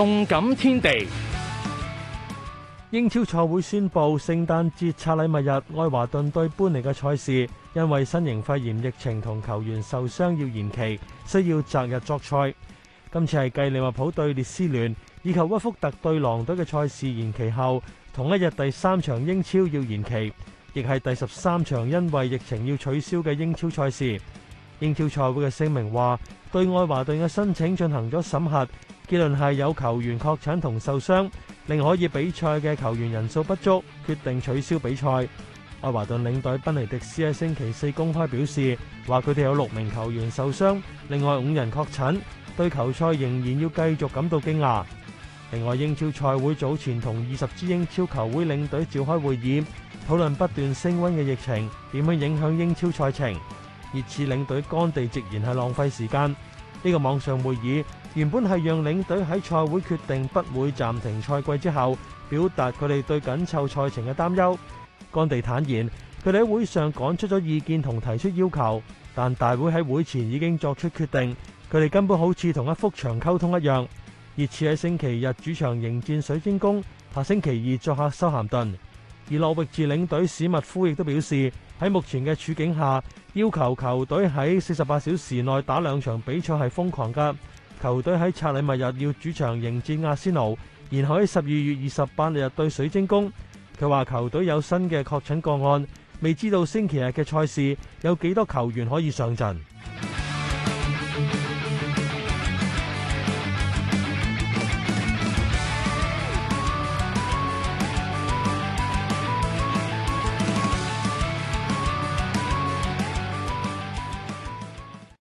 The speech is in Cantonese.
動感天地，英超賽會宣布聖誕節拆禮物日，愛華頓對般尼嘅賽事因為新型肺炎疫情同球員受傷要延期，需要擇日作賽。今次係繼利物浦對列斯聯以及屈福特對狼隊嘅賽事延期後，同一日第三場英超要延期，亦係第十三場因為疫情要取消嘅英超賽事。英超賽會嘅聲明話，對愛華頓嘅申請進行咗審核，結論係有球員確診同受傷，令可以比賽嘅球員人數不足，決定取消比賽。愛華頓領隊賓尼迪斯喺星期四公開表示，話佢哋有六名球員受傷，另外五人確診，對球賽仍然要繼續感到驚訝。另外，英超賽會早前同二十支英超球會領隊召開會議，討論不斷升温嘅疫情點樣影響英超賽程。熱刺領隊干地直言係浪費時間，呢個網上會議原本係讓領隊喺賽會決定不會暫停賽季之後，表達佢哋對緊湊賽程嘅擔憂。干地坦言，佢哋喺會上講出咗意見同提出要求，但大會喺會前已經作出決定，佢哋根本好似同一幅牆溝通一樣。熱刺喺星期日主場迎戰水晶宮，下星期二作客修咸頓。而諾域治領隊史密夫亦都表示，喺目前嘅處境下，要求球隊喺四十八小時內打兩場比賽係瘋狂噶。球隊喺拆禮物日要主場迎戰阿仙奴，然後喺十二月二十八日對水晶宮。佢話球隊有新嘅確診個案，未知道星期日嘅賽事有幾多球員可以上陣。